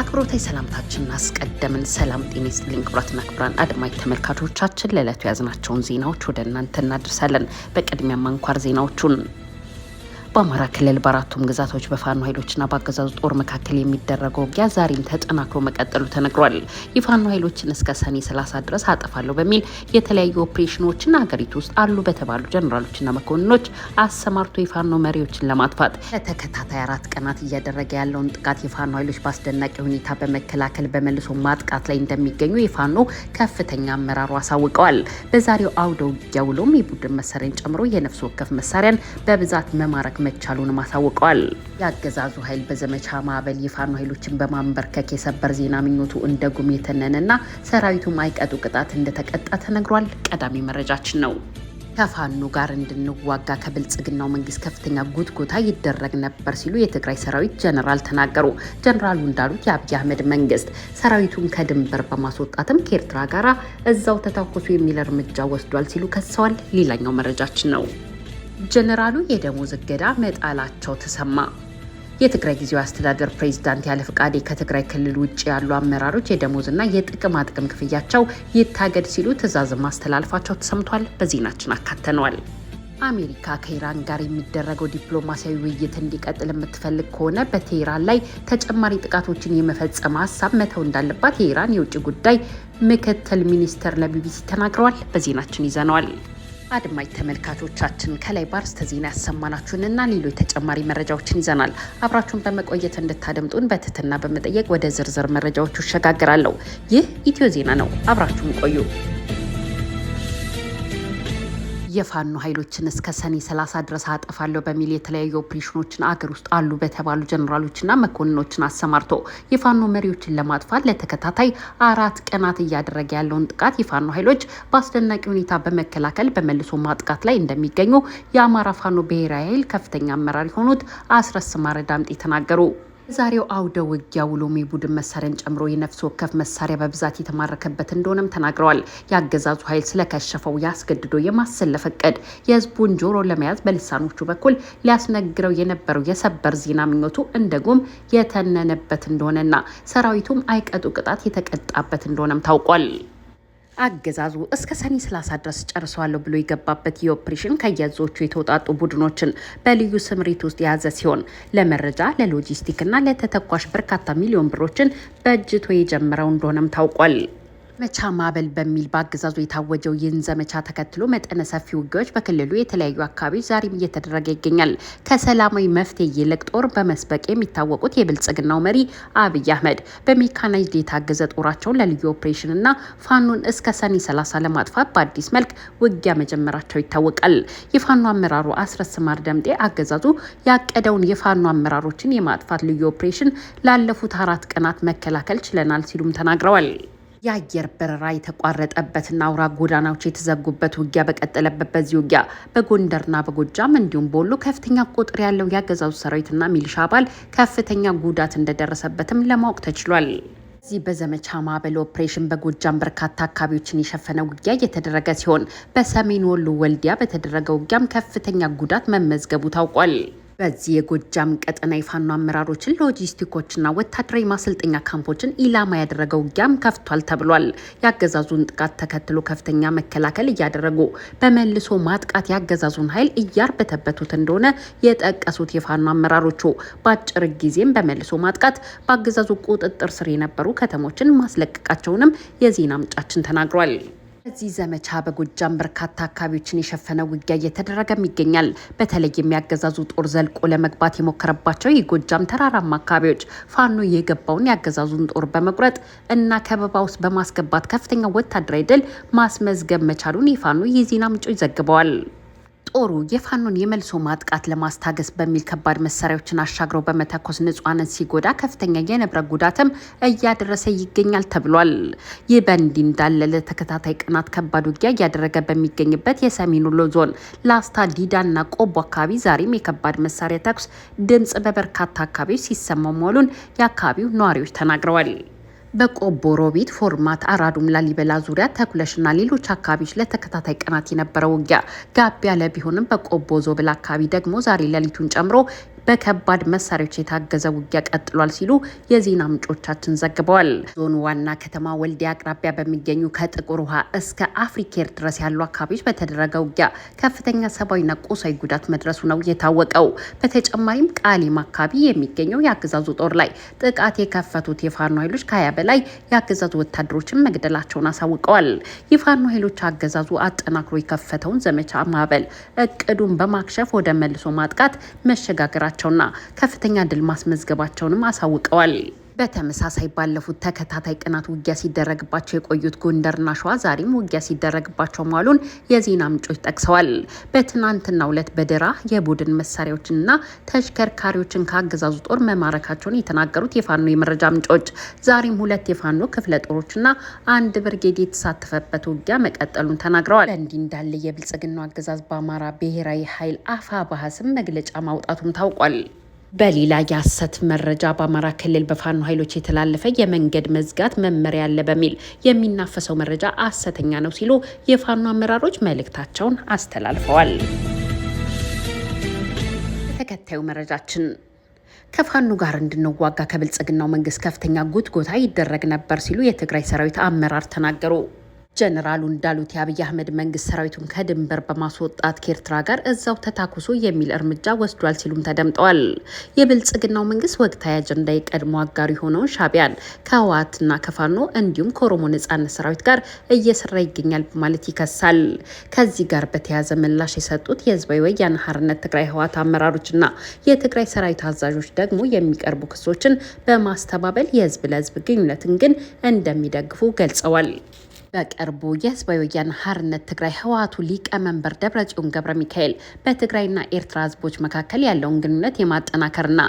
አክብሮታዊ ሰላምታችንን አስቀደምን። ሰላም ጤና ይስጥልኝ ክቡራትና ክቡራን አድማጭ ተመልካቾቻችን ለዕለቱ የያዝናቸውን ዜናዎች ወደ እናንተ እናደርሳለን። በቅድሚያ አንኳር ዜናዎቹን በአማራ ክልል በአራቱም ግዛቶች በፋኖ ኃይሎችና በአገዛዙ ጦር መካከል የሚደረገው ውጊያ ዛሬም ተጠናክሮ መቀጠሉ ተነግሯል። የፋኖ ኃይሎችን እስከ ሰኔ 30 ድረስ አጠፋለሁ በሚል የተለያዩ ኦፕሬሽኖችና ሀገሪቱ ውስጥ አሉ በተባሉ ጀኔራሎችና መኮንኖች አሰማርቶ የፋኖ መሪዎችን ለማጥፋት ለተከታታይ አራት ቀናት እያደረገ ያለውን ጥቃት የፋኖ ኃይሎች በአስደናቂ ሁኔታ በመከላከል በመልሶ ማጥቃት ላይ እንደሚገኙ የፋኖ ከፍተኛ አመራሩ አሳውቀዋል። በዛሬው አውደ ውጊያ ውሎም የቡድን መሳሪያን ጨምሮ የነፍስ ወከፍ መሳሪያን በብዛት መማረክ መቻሉን አሳውቀዋል። የአገዛዙ ኃይል በዘመቻ ማዕበል የፋኖ ኃይሎችን በማንበርከክ የሰበር ዜና ምኞቱ እንደ ጉም የተነነና ሰራዊቱ ማይቀጡ ቅጣት እንደተቀጣ ተነግሯል። ቀዳሚ መረጃችን ነው። ከፋኖ ጋር እንድንዋጋ ከብልጽግናው መንግስት ከፍተኛ ጉትጎታ ይደረግ ነበር ሲሉ የትግራይ ሰራዊት ጀነራል ተናገሩ። ጀነራሉ እንዳሉት የአብይ አህመድ መንግስት ሰራዊቱን ከድንበር በማስወጣትም ከኤርትራ ጋር እዛው ተታኮሱ የሚል እርምጃ ወስዷል ሲሉ ከሰዋል። ሌላኛው መረጃችን ነው። ጀነራሉ የደሞዝ እገዳ መጣላቸው ተሰማ። የትግራይ ጊዜያዊ አስተዳደር ፕሬዚዳንት ያለ ፍቃዴ ከትግራይ ክልል ውጭ ያሉ አመራሮች የደሞዝና የጥቅማ ጥቅም ክፍያቸው ይታገድ ሲሉ ትዕዛዝ ማስተላለፋቸው ተሰምቷል። በዜናችን አካተነዋል። አሜሪካ ከኢራን ጋር የሚደረገው ዲፕሎማሲያዊ ውይይት እንዲቀጥል የምትፈልግ ከሆነ በቴህራን ላይ ተጨማሪ ጥቃቶችን የመፈጸም ሀሳብ መተው እንዳለባት የኢራን የውጭ ጉዳይ ምክትል ሚኒስተር ለቢቢሲ ተናግረዋል። በዜናችን ይዘነዋል። አድማጭ ተመልካቾቻችን ከላይ ባርስተ ዜና እና ሌሎች ተጨማሪ መረጃዎችን ይዘናል። አብራችሁን በመቆየት እንድታደምጡን በትህትና በመጠየቅ ወደ ዝርዝር መረጃዎቹ እሸጋግራለሁ። ይህ ኢትዮ ዜና ነው። አብራችሁን ቆዩ። የፋኖ ኃይሎችን እስከ ሰኔ 30 ድረስ አጠፋለሁ በሚል የተለያዩ ኦፕሬሽኖችን አገር ውስጥ አሉ በተባሉ ጀኔራሎችና መኮንኖችን አሰማርቶ የፋኖ መሪዎችን ለማጥፋት ለተከታታይ አራት ቀናት እያደረገ ያለውን ጥቃት የፋኖ ኃይሎች በአስደናቂ ሁኔታ በመከላከል በመልሶ ማጥቃት ላይ እንደሚገኙ የአማራ ፋኖ ብሔራዊ ኃይል ከፍተኛ አመራር የሆኑት አስረስ ማረ ዳምጤ ተናገሩ። ዛሬው አውደ ውጊያ ውሎሚ ቡድን መሳሪያን ጨምሮ የነፍስ ወከፍ መሳሪያ በብዛት የተማረከበት እንደሆነም ተናግረዋል። የአገዛዙ ኃይል ስለከሸፈው ያስገድዶ የማሰለፍ እቅድ የህዝቡን ጆሮ ለመያዝ በልሳኖቹ በኩል ሊያስነግረው የነበረው የሰበር ዜና ምኞቱ እንደ ጎም የተነነበት እንደሆነና ሰራዊቱም አይቀጡ ቅጣት የተቀጣበት እንደሆነም ታውቋል። አገዛዙ እስከ ሰኔ 30 ድረስ ጨርሰዋለሁ ብሎ የገባበት የኦፕሬሽን ከየዞቹ የተውጣጡ ቡድኖችን በልዩ ስምሪት ውስጥ የያዘ ሲሆን ለመረጃ ለሎጂስቲክና ለተተኳሽ በርካታ ሚሊዮን ብሮችን በእጅቶ የጀመረው እንደሆነም ታውቋል። ዘመቻ ማበል በሚል በአገዛዙ የታወጀው ይህን ዘመቻ ተከትሎ መጠነ ሰፊ ውጊያዎች በክልሉ የተለያዩ አካባቢዎች ዛሬም እየተደረገ ይገኛል። ከሰላማዊ መፍትሄ ይልቅ ጦር በመስበቅ የሚታወቁት የብልጽግናው መሪ አብይ አህመድ በሜካናይዝድ የታገዘ ጦራቸውን ለልዩ ኦፕሬሽንና ፋኖን እስከ ሰኔ 30 ለማጥፋት በአዲስ መልክ ውጊያ መጀመራቸው ይታወቃል። የፋኖ አመራሩ አስረስማር ደምጤ አገዛዙ ያቀደውን የፋኖ አመራሮችን የማጥፋት ልዩ ኦፕሬሽን ላለፉት አራት ቀናት መከላከል ችለናል ሲሉም ተናግረዋል። የአየር በረራ የተቋረጠበትና አውራ ጎዳናዎች የተዘጉበት ውጊያ በቀጠለበት በዚህ ውጊያ በጎንደርና በጎጃም እንዲሁም በወሎ ከፍተኛ ቁጥር ያለው የአገዛዙ ሰራዊትና ሚሊሻ አባል ከፍተኛ ጉዳት እንደደረሰበትም ለማወቅ ተችሏል። ዚህ በዘመቻ ማዕበል ኦፕሬሽን በጎጃም በርካታ አካባቢዎችን የሸፈነ ውጊያ እየተደረገ ሲሆን በሰሜን ወሎ ወልዲያ በተደረገ ውጊያም ከፍተኛ ጉዳት መመዝገቡ ታውቋል። በዚህ የጎጃም ቀጠና የፋኖ አመራሮችን ሎጂስቲኮችና ወታደራዊ ማሰልጠኛ ካምፖችን ኢላማ ያደረገው ውጊያም ከፍቷል ተብሏል። የአገዛዙን ጥቃት ተከትሎ ከፍተኛ መከላከል እያደረጉ በመልሶ ማጥቃት የአገዛዙን ኃይል እያርበተበቱት እንደሆነ የጠቀሱት የፋኖ አመራሮቹ በአጭር ጊዜም በመልሶ ማጥቃት በአገዛዙ ቁጥጥር ስር የነበሩ ከተሞችን ማስለቀቃቸውንም የዜና ምንጫችን ተናግሯል። በዚህ ዘመቻ በጎጃም በርካታ አካባቢዎችን የሸፈነ ውጊያ እየተደረገም ይገኛል። በተለይ የሚያገዛዙ ጦር ዘልቆ ለመግባት የሞከረባቸው የጎጃም ተራራማ አካባቢዎች ፋኖ የገባውን ያገዛዙን ጦር በመቁረጥ እና ከበባ ውስጥ በማስገባት ከፍተኛ ወታደራዊ ድል ማስመዝገብ መቻሉን የፋኖ የዜና ምንጮች ዘግበዋል። ጦሩ የፋኖን የመልሶ ማጥቃት ለማስታገስ በሚል ከባድ መሳሪያዎችን አሻግረው በመተኮስ ንጹሐንን ሲጎዳ ከፍተኛ የንብረት ጉዳትም እያደረሰ ይገኛል ተብሏል። ይህ በእንዲህ እንዳለ ለተከታታይ ቀናት ከባድ ውጊያ እያደረገ በሚገኝበት የሰሜን ወሎ ዞን ላስታ ዲዳና ቆቦ አካባቢ ዛሬም የከባድ መሳሪያ ተኩስ ድምፅ በበርካታ አካባቢዎች ሲሰማ መሆኑን የአካባቢው ነዋሪዎች ተናግረዋል። በቆቦ ሮቢት፣ ፎርማት፣ አራዱም፣ ላሊበላ ዙሪያ፣ ተኩለሽና ሌሎች አካባቢዎች ለተከታታይ ቀናት የነበረው ውጊያ ጋብ ያለ ቢሆንም በቆቦ ዞብል አካባቢ ደግሞ ዛሬ ሌሊቱን ጨምሮ በከባድ መሳሪያዎች የታገዘ ውጊያ ቀጥሏል ሲሉ የዜና ምንጮቻችን ዘግበዋል። ዞኑ ዋና ከተማ ወልዲያ አቅራቢያ በሚገኙ ከጥቁር ውሃ እስከ አፍሪኬር ድረስ ያሉ አካባቢዎች በተደረገ ውጊያ ከፍተኛ ሰብአዊና ቁሳዊ ጉዳት መድረሱ ነው የታወቀው። በተጨማሪም ቃሊም አካባቢ የሚገኘው የአገዛዙ ጦር ላይ ጥቃት የከፈቱት የፋኖ ኃይሎች ከሀያ በላይ የአገዛዙ ወታደሮችን መግደላቸውን አሳውቀዋል። የፋኖ ኃይሎች አገዛዙ አጠናክሮ የከፈተውን ዘመቻ ማዕበል እቅዱን በማክሸፍ ወደ መልሶ ማጥቃት መሸጋገራቸው መውጣታቸውና ከፍተኛ ድል ማስመዝገባቸውንም አሳውቀዋል። በተመሳሳይ ባለፉት ተከታታይ ቀናት ውጊያ ሲደረግባቸው የቆዩት ጎንደርና ሸዋ ዛሬም ውጊያ ሲደረግባቸው ማሉን የዜና ምንጮች ጠቅሰዋል። በትናንትናው ዕለት በደራ የቡድን መሳሪያዎችንና ተሽከርካሪዎችን ከአገዛዙ ጦር መማረካቸውን የተናገሩት የፋኖ የመረጃ ምንጮች ዛሬም ሁለት የፋኖ ክፍለ ጦሮችና አንድ ብርጌድ የተሳተፈበት ውጊያ መቀጠሉን ተናግረዋል። በእንዲህ እንዳለ የብልጽግናው አገዛዝ በአማራ ብሔራዊ ኃይል አፋ ባህስም መግለጫ ማውጣቱም ታውቋል። በሌላ የሐሰት መረጃ በአማራ ክልል በፋኖ ኃይሎች የተላለፈ የመንገድ መዝጋት መመሪያ አለ በሚል የሚናፈሰው መረጃ ሐሰተኛ ነው ሲሉ የፋኖ አመራሮች መልእክታቸውን አስተላልፈዋል። ተከታዩ መረጃችን ከፋኖ ጋር እንድንዋጋ ከብልጽግናው መንግስት ከፍተኛ ጉትጎታ ይደረግ ነበር ሲሉ የትግራይ ሰራዊት አመራር ተናገሩ። ጀነራሉ እንዳሉት የአብይ አህመድ መንግስት ሰራዊቱን ከድንበር በማስወጣት ከኤርትራ ጋር እዛው ተታኩሶ የሚል እርምጃ ወስዷል ሲሉም ተደምጠዋል። የብልጽግናው መንግስት ወቅታዊ አጀንዳ የቀድሞ አጋሩ የሆነውን ሻቢያን ከህወሓትና ከፋኖ እንዲሁም ከኦሮሞ ነጻነት ሰራዊት ጋር እየሰራ ይገኛል በማለት ይከሳል። ከዚህ ጋር በተያያዘ ምላሽ የሰጡት የህዝባዊ ወያነ ሓርነት ትግራይ ህወሓት አመራሮችና የትግራይ ሰራዊት አዛዦች ደግሞ የሚቀርቡ ክሶችን በማስተባበል የህዝብ ለህዝብ ግንኙነትን ግን እንደሚደግፉ ገልጸዋል። በቅርቡ የህዝባዊ ወያነ ሓርነት ትግራይ ህወሓቱ ሊቀመንበር ደብረጽዮን ገብረ ሚካኤል በትግራይና ኤርትራ ህዝቦች መካከል ያለውን ግንኙነት የማጠናከርና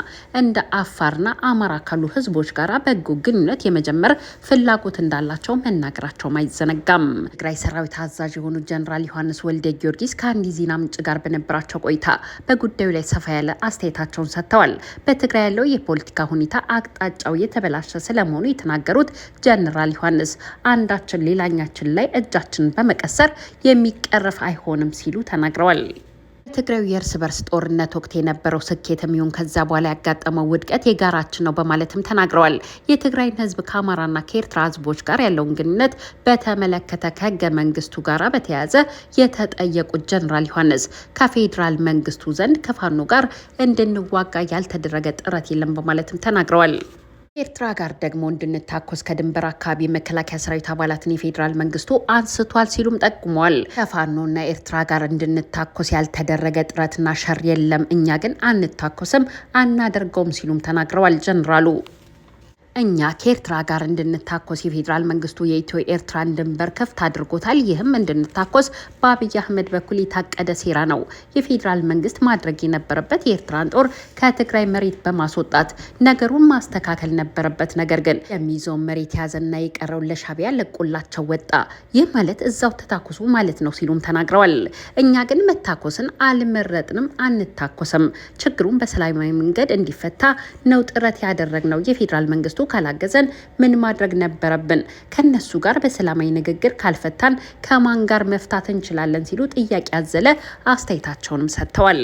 እንደ አፋርና አማራ ካሉ ህዝቦች ጋር በጎ ግንኙነት የመጀመር ፍላጎት እንዳላቸው መናገራቸውም አይዘነጋም። ትግራይ ሰራዊት አዛዥ የሆኑ ጀኔራል ዮሐንስ ወልደ ጊዮርጊስ ከአንድ ዜና ምንጭ ጋር በነበራቸው ቆይታ በጉዳዩ ላይ ሰፋ ያለ አስተያየታቸውን ሰጥተዋል። በትግራይ ያለው የፖለቲካ ሁኔታ አቅጣጫው የተበላሸ ስለመሆኑ የተናገሩት ጀኔራል ዮሐንስ አንዳችን ሌላ ዳኛችን ላይ እጃችንን በመቀሰር የሚቀረፍ አይሆንም ሲሉ ተናግረዋል። በትግራዩ የእርስ በርስ ጦርነት ወቅት የነበረው ስኬት የሚሆን ከዛ በኋላ ያጋጠመው ውድቀት የጋራችን ነው በማለትም ተናግረዋል። የትግራይን ህዝብ ከአማራና ከኤርትራ ህዝቦች ጋር ያለውን ግንኙነት በተመለከተ ከህገ መንግስቱ ጋር በተያያዘ የተጠየቁት ጀኔራል ዮሐንስ ከፌዴራል መንግስቱ ዘንድ ከፋኖ ጋር እንድንዋጋ ያልተደረገ ጥረት የለም በማለትም ተናግረዋል። ኤርትራ ጋር ደግሞ እንድንታኮስ ከድንበር አካባቢ መከላከያ ሰራዊት አባላትን የፌዴራል መንግስቱ አንስቷል ሲሉም ጠቁሟል። ከፋኖና ኤርትራ ጋር እንድንታኮስ ያልተደረገ ጥረትና ሸር የለም፣ እኛ ግን አንታኮስም አናደርገውም ሲሉም ተናግረዋል ጀኔራሉ። እኛ ከኤርትራ ጋር እንድንታኮስ የፌዴራል መንግስቱ የኢትዮ ኤርትራን ድንበር ክፍት አድርጎታል። ይህም እንድንታኮስ በአብይ አህመድ በኩል የታቀደ ሴራ ነው። የፌዴራል መንግስት ማድረግ የነበረበት የኤርትራን ጦር ከትግራይ መሬት በማስወጣት ነገሩን ማስተካከል ነበረበት። ነገር ግን የሚይዘውን መሬት ያዘና የቀረውን ለሻቢያ ለቆላቸው ወጣ። ይህ ማለት እዛው ተታኮሱ ማለት ነው ሲሉም ተናግረዋል። እኛ ግን መታኮስን አልመረጥንም፣ አንታኮስም። ችግሩን በሰላማዊ መንገድ እንዲፈታ ነው ጥረት ያደረግነው። የፌዴራል መንግስቱ ካላገዘን ምን ማድረግ ነበረብን? ከነሱ ጋር በሰላማዊ ንግግር ካልፈታን ከማን ጋር መፍታት እንችላለን? ሲሉ ጥያቄ ያዘለ አስተያየታቸውንም ሰጥተዋል።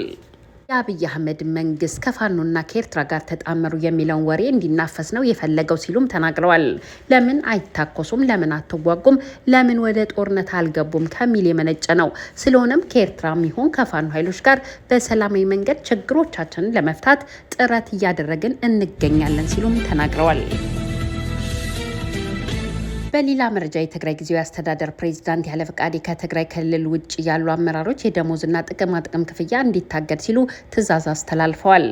የአብይ አህመድ መንግስት ከፋኖና ከኤርትራ ጋር ተጣመሩ የሚለውን ወሬ እንዲናፈስ ነው የፈለገው ሲሉም ተናግረዋል። ለምን አይታኮሱም? ለምን አትዋጉም? ለምን ወደ ጦርነት አልገቡም? ከሚል የመነጨ ነው። ስለሆነም ከኤርትራ ይሁን ከፋኖ ኃይሎች ጋር በሰላማዊ መንገድ ችግሮቻችንን ለመፍታት ጥረት እያደረግን እንገኛለን ሲሉም ተናግረዋል። በሌላ መረጃ የትግራይ ጊዜያዊ አስተዳደር ፕሬዚዳንት ያለ ፈቃድ ከትግራይ ክልል ውጭ ያሉ አመራሮች የደሞዝና ጥቅማ ጥቅም ክፍያ እንዲታገድ ሲሉ ትዕዛዝ አስተላልፈዋል።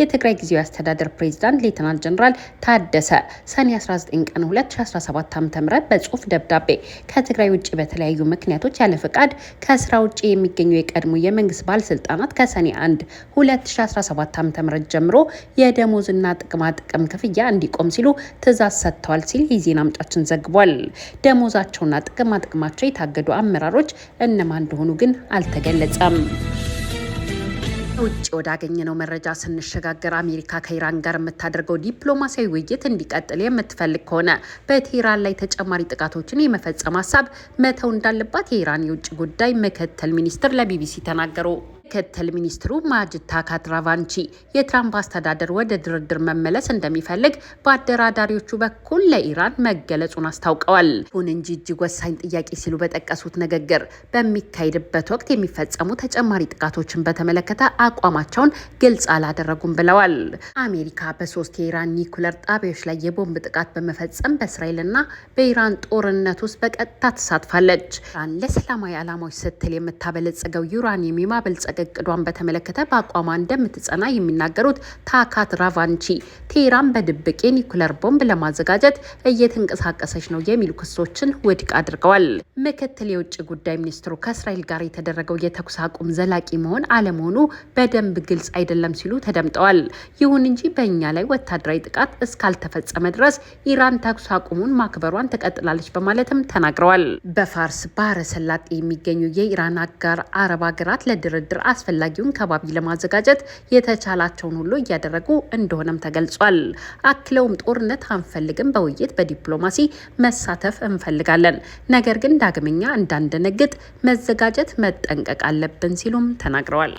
የትግራይ ጊዜያዊ አስተዳደር ፕሬዚዳንት ሌተናንት ጀኔራል ታደሰ ሰኔ 19 ቀን 2017 ዓ ም በጽሁፍ ደብዳቤ ከትግራይ ውጭ በተለያዩ ምክንያቶች ያለ ፈቃድ ከስራ ውጭ የሚገኙ የቀድሞ የመንግስት ባለስልጣናት ከሰኔ 1 2017 ዓ ም ጀምሮ የደሞዝና ጥቅማ ጥቅም ክፍያ እንዲቆም ሲሉ ትዕዛዝ ሰጥተዋል ሲል የዜና አምጫችን ዘግቧል። ተናግረዋል። ደሞዛቸውና ጥቅማ ጥቅማቸው የታገዱ አመራሮች እነማ እንደሆኑ ግን አልተገለጸም። ውጭ ወዳገኘነው መረጃ ስንሸጋገር አሜሪካ ከኢራን ጋር የምታደርገው ዲፕሎማሲያዊ ውይይት እንዲቀጥል የምትፈልግ ከሆነ በቴህራን ላይ ተጨማሪ ጥቃቶችን የመፈጸም ሀሳብ መተው እንዳለባት የኢራን የውጭ ጉዳይ ምክትል ሚኒስትር ለቢቢሲ ተናገሩ። ምክትል ሚኒስትሩ ማጅታ ካትራቫንቺ የትራምፕ አስተዳደር ወደ ድርድር መመለስ እንደሚፈልግ በአደራዳሪዎቹ በኩል ለኢራን መገለጹን አስታውቀዋል። ይሁን እንጂ እጅግ ወሳኝ ጥያቄ ሲሉ በጠቀሱት ንግግር በሚካሄድበት ወቅት የሚፈጸሙ ተጨማሪ ጥቃቶችን በተመለከተ አቋማቸውን ግልጽ አላደረጉም ብለዋል። አሜሪካ በሶስት የኢራን ኒኩለር ጣቢያዎች ላይ የቦምብ ጥቃት በመፈጸም በእስራኤልና በኢራን ጦርነት ውስጥ በቀጥታ ተሳትፋለች። ኢራን ለሰላማዊ ዓላማዎች ስትል የምታበለጸገው ዩራኒየም የማበልጸግ የማስለቀቅ እቅዷን በተመለከተ በአቋሟ እንደምትጸና የሚናገሩት ታካት ራቫንቺ ቴራን በድብቅ የኒኩለር ቦምብ ለማዘጋጀት እየተንቀሳቀሰች ነው የሚሉ ክሶችን ውድቅ አድርገዋል። ምክትል የውጭ ጉዳይ ሚኒስትሩ ከእስራኤል ጋር የተደረገው የተኩስ አቁም ዘላቂ መሆን አለመሆኑ በደንብ ግልጽ አይደለም ሲሉ ተደምጠዋል። ይሁን እንጂ በእኛ ላይ ወታደራዊ ጥቃት እስካልተፈጸመ ድረስ ኢራን ተኩስ አቁሙን ማክበሯን ትቀጥላለች በማለትም ተናግረዋል። በፋርስ ባህረ ሰላጤ የሚገኙ የኢራን አጋር አረብ ሀገራት ለድርድር አስፈላጊውን ከባቢ ለማዘጋጀት የተቻላቸውን ሁሉ እያደረጉ እንደሆነም ተገልጿል። አክለውም ጦርነት አንፈልግም፣ በውይይት በዲፕሎማሲ መሳተፍ እንፈልጋለን፣ ነገር ግን ዳግመኛ እንዳንደነግጥ መዘጋጀት መጠንቀቅ አለብን ሲሉም ተናግረዋል።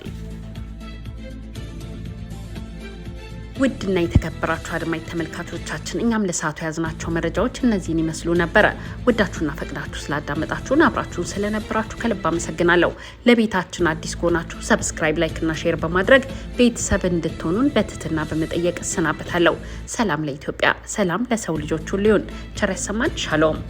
ውድና የተከበራችሁ አድማጭ ተመልካቾቻችን እኛም ለሰዓቱ የያዝናቸው መረጃዎች እነዚህን ይመስሉ ነበረ። ወዳችሁና ፈቅዳችሁ ስላዳመጣችሁን አብራችሁን ስለነበራችሁ ከልብ አመሰግናለሁ። ለቤታችን አዲስ ከሆናችሁ ሰብስክራይብ፣ ላይክና ሼር በማድረግ ቤተሰብ እንድትሆኑን በትህትና በመጠየቅ እሰናበታለሁ። ሰላም ለኢትዮጵያ፣ ሰላም ለሰው ልጆች ሁሉ ይሁን። ቸር ያሰማን። ሻሎም